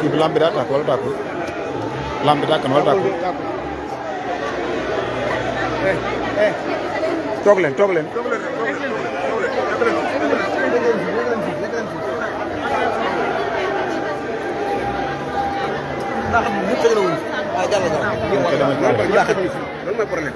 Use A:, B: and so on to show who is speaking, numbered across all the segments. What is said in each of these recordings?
A: kii bi lamb bi daa tàkk wala tàkkul lamb bi tàkk na wala tàkkul.
B: toog leen toog leen. ndax ñëpp tëjee na wuñ. ah jàll jàll. loolu
A: mooy problème.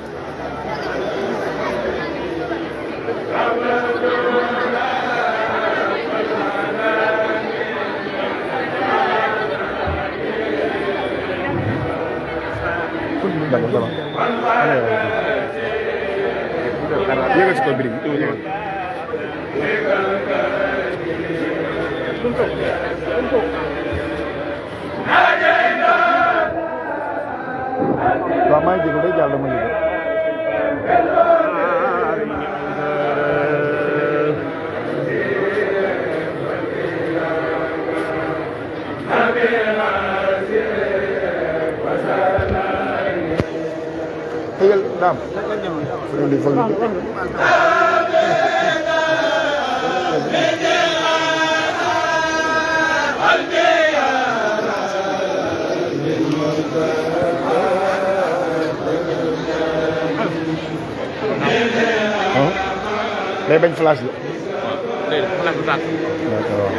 A: ça va ça va. yëgal si kaw birig waaw maa ngi déglu day jàll dama
B: yëgal Dame. day bañ
A: flash la. waaw
B: day def flash bu tàkk. d'accord.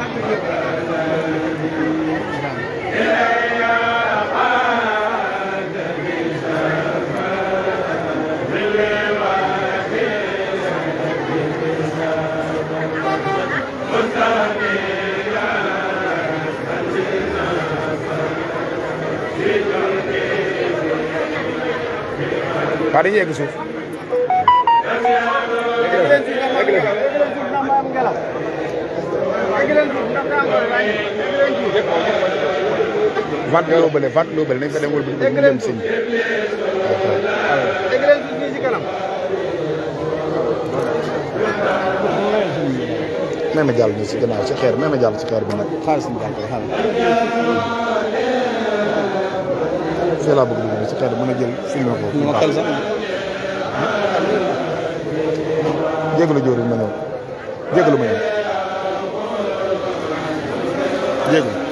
A: काढी एक सौ vat loo bële vat loo bële nañ fa dem wala bële ñu dem siñ may ma jàll ñu si gannaaw si xeer may ma jàll si xeer bi nag xaalis ñu jàll
B: xaalis
A: fee laa bëgg dugg si xel mën a jël filmé ko. mu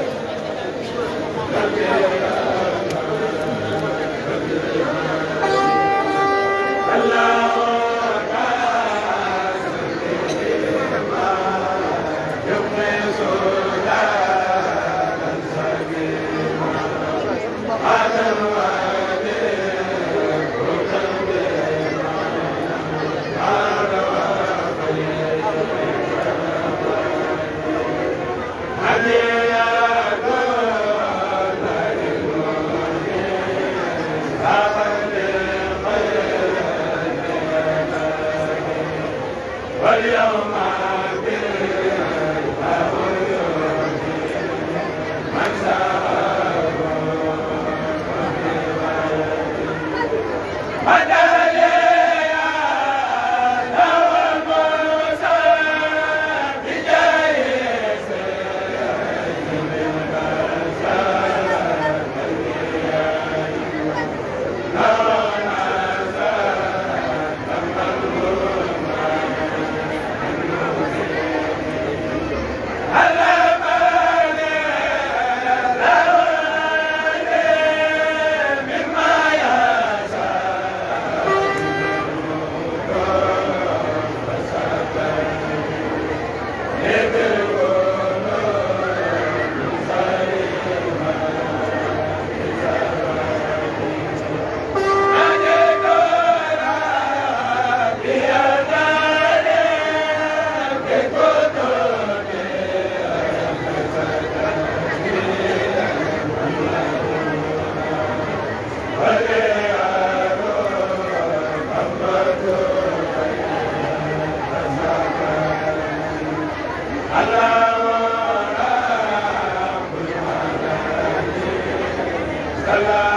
A: Allah.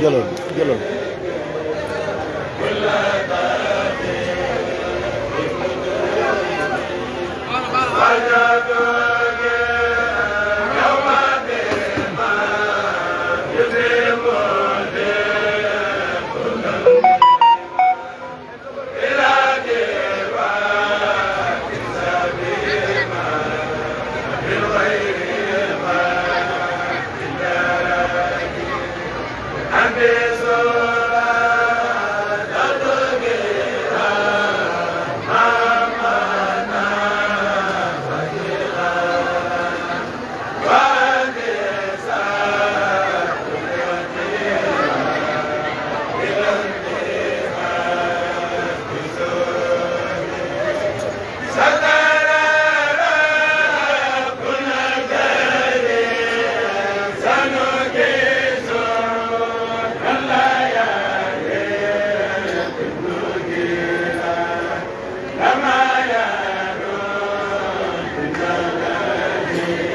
A: jëloon
B: jëloon Amen.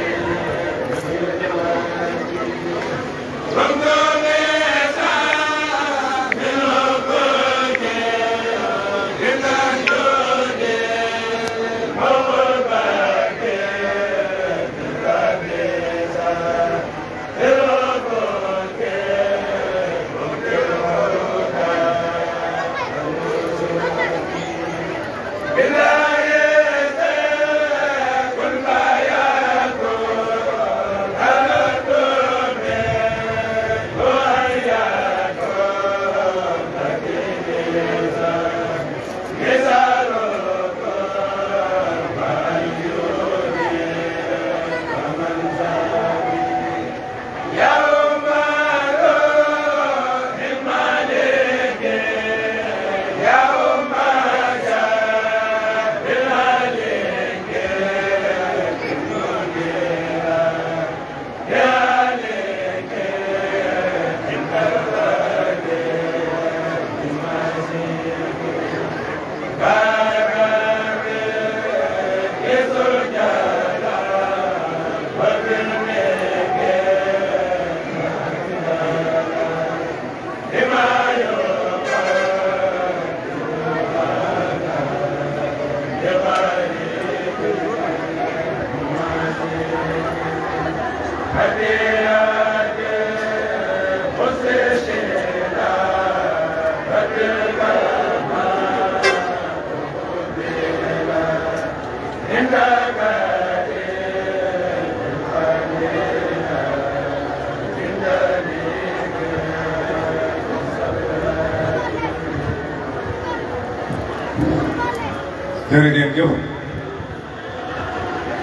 A: dere ngeen jëf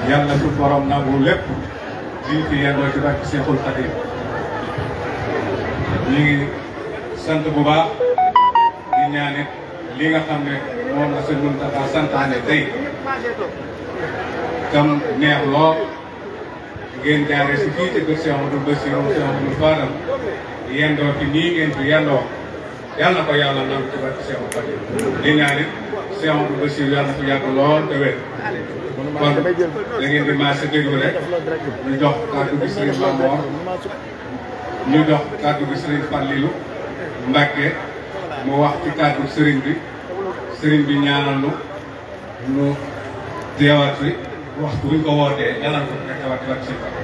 A: yàlla su borom nangu ci bu di ñaanit li nga xam ne moom la sëñ Muntaxa santaane tey tam neex lool ngeen jaare si fii ci kër Seex Ahmadu Basiru Seex Ahmadu Fadal yendoo ci yàlla ko yàlla nangu ci barke Seexu Fatim di ñaan it Seexu Basiir yàlla na ko lool te wér kon da ngeen di maase déglu rek ñu jox kàddu bi Sëriñ Mamoor ñu jox mu wax ci kàddu sëriñ bi sëriñ bi ñaanal nu nu teewaat fi waxtu buñ ko wootee yàlla ko fekk teewaat ci barke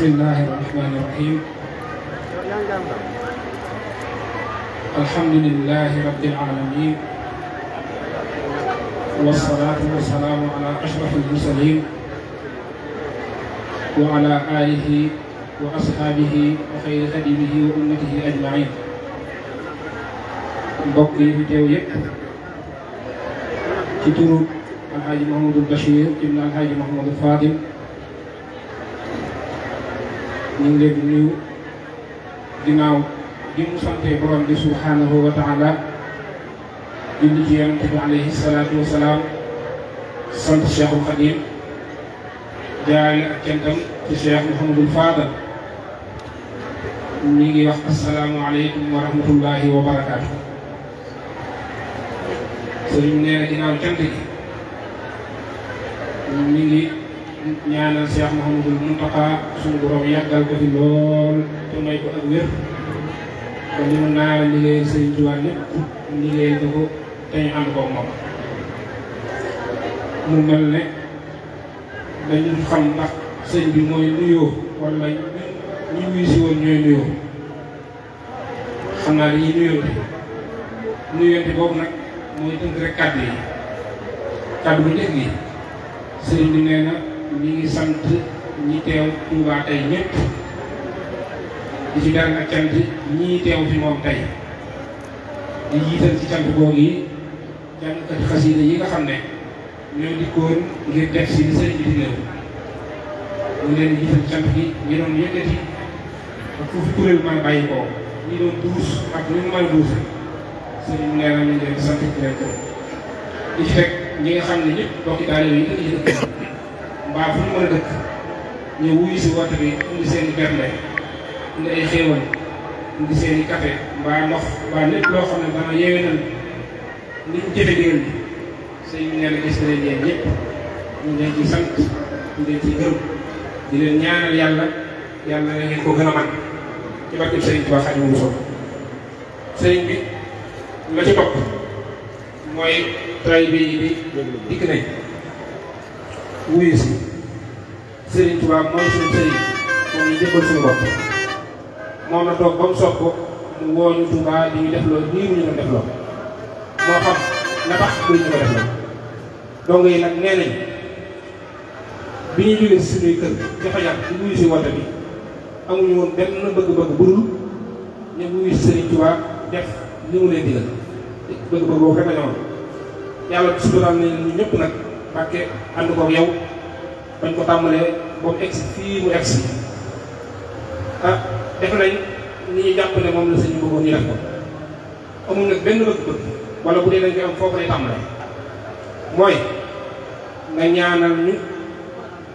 B: بسم الله الرحمن الرحيم
A: الحمد لله رب العالمين والصلاة والسلام على أشرف المرسلين وعلى آله وأصحابه وخير خدمه وأمته أجمعين بقي في تويك teew yëpp محمود البشير alxaaji Mahamadul محمود ibn ñu ngi leen di nuyu ginnaaw bi mu sante borom bi subhanahu wa taala julli ci yonent bi alayhi salaatu wa salaam sant Cheikhul Khadim jaarale ak cantam ci Cheikh Mouhamadul Fadal ñu ngi wax asalaamualeykum wa rahmatullahi wa barakaatu. sëriñ nee na ginnaaw cant gi ñu ngi. ñaanal Cheikh Mouhamadul Mountakha suñu borom yàggal ko fi lool te may ko ak wér kon li mu naa liggéey Sëriñ Tuubaa lépp liggéey na ko te ñu ànd ko moom mu mel ne dañu xam ndax sëñ bi mooy nuyoo wala ñu wuy si woon ñooy nuyoo xam naa dañuy nuyoonte nuyoonte boobu nag mooy tënk rek kàddu yi kàddu bu njëkk yi bi nee na ñi ngi sant ñi teew Touba tey ñëpp di ci beral ak cant ñii teew fi moom tey di jiital ci cant googu yi jàngkati xasida yi nga xam ne ñoo dikkoon ngir def si li sëriñ bi digal ñu leen di jiital cant ñu doon yëkkati ak foofu kuréel mën a bàyyi koo ñu doon duus ak ñu mën a duus sëriñ bi nee na ñu leen sant di leen ko fekk ñi nga xam ne ñëpp bokki taalibe yi dëkk yi waa fu ñu mën a dëkk ñu wuyu si woote bi indi seen i bernde indi ay xéewal indi seen i café mbaa ndox mbaa lépp loo xam ne dana yeewee ni ñu jëfe digal bi sëñ bi nee na gis nañ ñu leen ci sant ñu leen ci gërëm di leen ñaanal yàlla yàlla na ko gën a man ci barkeb sëriñ Tuubaa Xaadimu Rasuul sëriñ bi la ci topp mooy taalibe yi di dikk nañ wuyu si Serigne Touba mooy seen Serigne moom ñu suñu bopp moom la toog ba mu ko mu woo ñu Touba ñu def loolu nii mu ñu ko def loolu moo xam la tax du ñu ko def loolu. yi nag bi ñu jógee si suñuy kër ci fajar wuyu si woote bi amuñu woon benn bëgg-bëgg bu dul ñu wuyu si Serigne def li mu bëgg-bëgg boobu rek la ñu yàlla suturaal nañ ñu nag bàkke ànd koog yow. bañ ko tàmbalee ba mu egsi fii mu egsi ah def nañ ni jàpp ne moom la sëñ bi bëggoon ñu def benn bëgg-bëgg wala bu dee dañ koy am foo koy tàmbalee mooy nga ñaanal ñu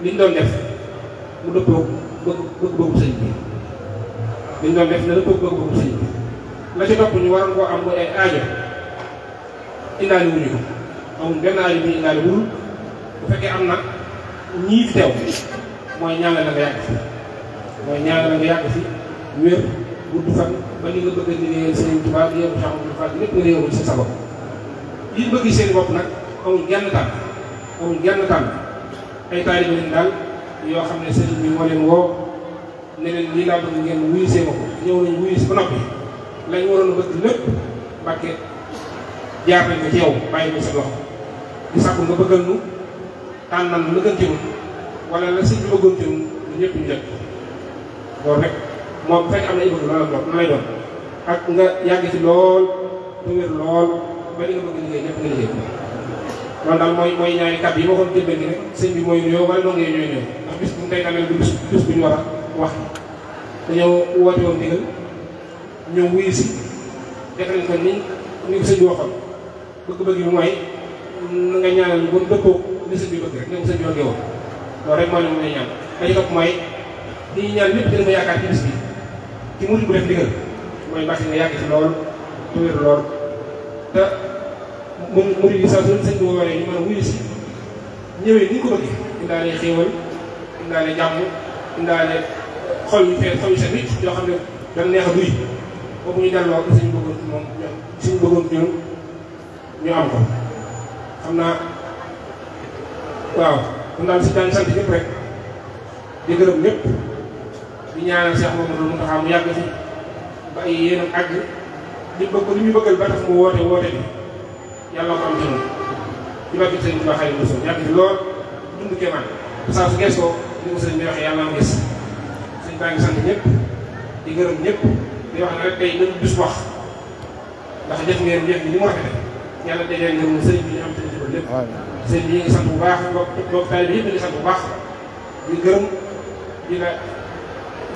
A: liñ doon def mu dëppoo bëgg bëggu sëñ bi liñ doon def na dëppoo bëgg-bëggu sëñ bi la ci topp ñu war koo am ay aajo indaale wuñu ko amul benn aajo bu ñu indaale bu fekkee am na ñii fi teew mooy ñaanal la nga yàgg fi mooy ñaanal la nga yàgg fi wér gudd fan ba li nga bëgg a liggéeyal Sëriñ Tuubaa di yëngu Cheikh Abdou Fall lépp nga réewul seen bopp nag amul genn tànn amul genn tànn ay taalibe daal yoo xam ne sëriñ bi moo leen woo ne lii laa bëgg ngeen wuyu see ma ñëw nañ wuyu si ba noppi lañ waroon bëgg lépp Mbàkke jaar nañ ko ci bàyyi ko sa loxo di sàkku nga bëggal nu lu la gëntiwul wala la si lu gëntiwul lu ñëpp ñu jot loolu rek moom fekk am na ibadu la la lay doon ak nga yàgg ci lool du wér lool ba li nga bëgg liggéey ñëpp nga liggéey loolu daal mooy mooy ñaari kat yi ma ko jëndee gi rek sëñ bi mooy nuyoo wala dong yee ñooy ñëw ak bis bu mu tey tamit bis bis bu ñu war a wax dañoo woote woon digal ñëw wuyu si def nañ ko ni ni ko sëñ bi waxoon bëgg-bëgg bi mooy nga ñaanal bu dëppoo li sëñ bi bëgg rek ñoom sëñ bi bëggee woon loolu rek mooy li mu lay ñaan ba ñu topp mooy li ñaan lépp dina yaakaar ci bis bi ci murid bu def ndigal mooy mbàkk nga yàgg ci lool te wér lool te moom murid yi saa su sëñ bi woowee ñu mën a wuyu si ñëwee ni ko bëggee indaale xéewal indaale jàmm indaale xol yu fee xol yu set xam ne dañ neex a duy boobu ñu delloo ko suñu bëggoon moom suñu bëggoon ñun ñu am ko xam naa waaw kon daal si daan sant ñëpp rek di gërëm ñëpp di ñaanal Cheikh Mamadou Mountakha mu yàgg si ba ay yéenam àgg li bëgg li ñu bëggal ba tax mu woote woote bi yàlla ko am ci moom di barke sëriñ Tuubaa Xaadimu Rasuul yàgg fi lool dund kéemaan saa su gëstoo li ko sëriñ bi waxee yàlla am gis sëriñ baa ngi sant ñëpp di gërëm ñëpp di wax ne rek tey nañ bis wax ndax jëf ngeen jëf ni mu rafetee yàlla dajeel ngërëm sëriñ bi ñu am tënk ko lépp. waaw sëriñ bi ñu ngi sant bu baax mbokk mbokk taalibe yëpp ñu sant bu baax di gërëm di la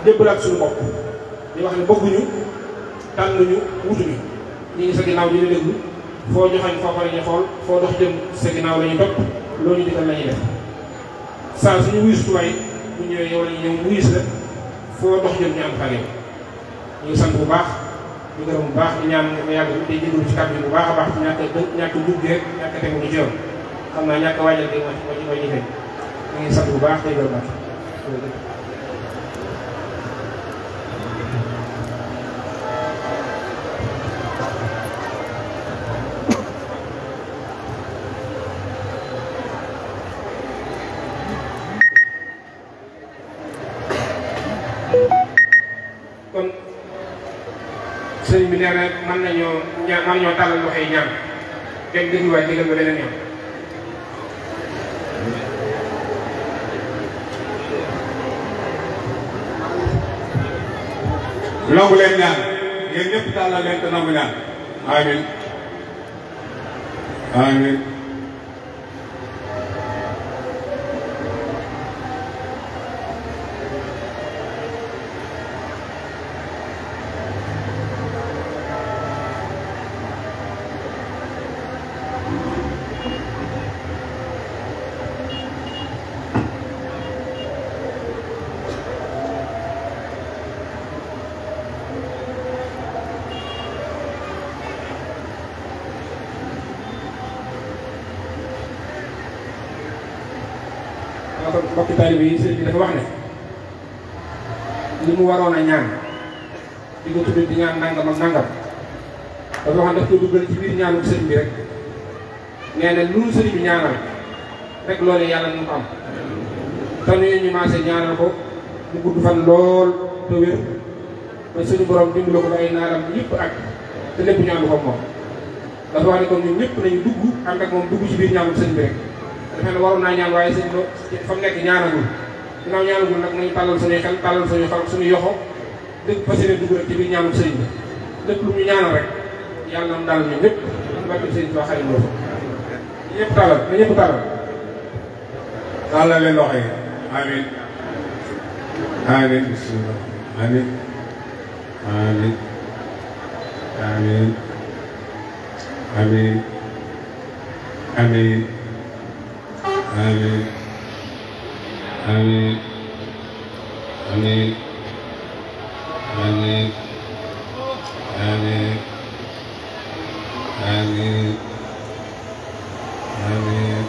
A: débbalaat suñu bopp di ngi sa ginnaaw ñu la déglu foo joxañ foofa la ñuy xool foo dox jëm sa ginnaaw la topp loolu ñu digal la ñuy def saa suñu wuyus tuwaay bu ñuy wuyus la foo dox jëm ñu am xale ñu sant bu baax. ñu gërëm bu baax di ñaan ma yàgg tey jégalu ci kàddu bu baax a baax ñàkk ñàkk njub rek ñàkk tegu ñu ci xam naa ñàkk waajal a moo ci moo ci moo ñu ngi sant bu baax tey loolu baax bi nee na nañoo ñaan mën nañoo tàllal loxo yi ñaan kenn déglu waay digal ba beneen yoon. leen ñaan yéen ñëpp tàllal leen te nangu ñaan
B: amiin amiin
A: mbokki taalibe yi sëriñ bi dafa wax ne li mu waroon ñaan di ko tudd daf ko dugal ci biir ñaanu sëriñ bi rek nee na lu sëriñ bi ñaanal rek loolu yàlla nu ko am te ñu maase ñaanal ko mu gudd fan lool te wér ba suñu borom dimbali ko ba ay naaram yëpp ak te lépp ñaanu ko moom dafa wax ne kon ñun ñëpp nañu dugg ànd ak moom dugg ci biir ñaanu sëriñ bi rek defe na waroon naa ñaan waaye sëñ ba fa mu nekk ñaanagul ginnaaw ñaanagul nag nañ tàllal suñuy xel tàllal suñuy xol suñu yoxo dëgg fas yéene dugg rek ci biir ñaanum sëñ bi lépp lu ñu ñaanal rek yàlla mu daal ñu ñëpp barkeb sëñ Tuubaa xarit loo fa ñëpp tàllal na ñëpp tàllal tàllal leen loxo yi amiin amiin bismillah amiin amiin amiin amiin amiin Amen. Amen. Amen.
B: Amen. Amen. Amen. Amen.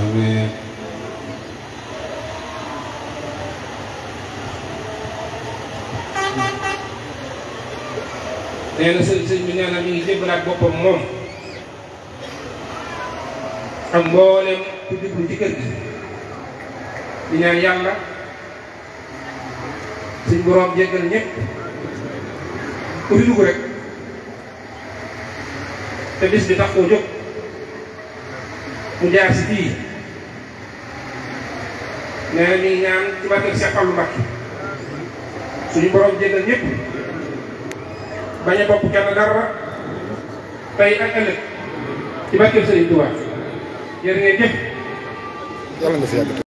A: Amen. nee na sëñ sëñ bi nee na mi ngi jébbalaat boppam moom. ak mboolem ku jublu ci kër gi di ñaan yàlla suñ boroom jéggal ñëpp ku fi dugg rek te bis bi tax koo jóg mu jaar si fii nee na ñaan ci barkeb Seex Fallu suñu jéggal bopp
B: kenn dara ak ci Sëriñ jërë ngeen jëf. yàlla nga fi yàgg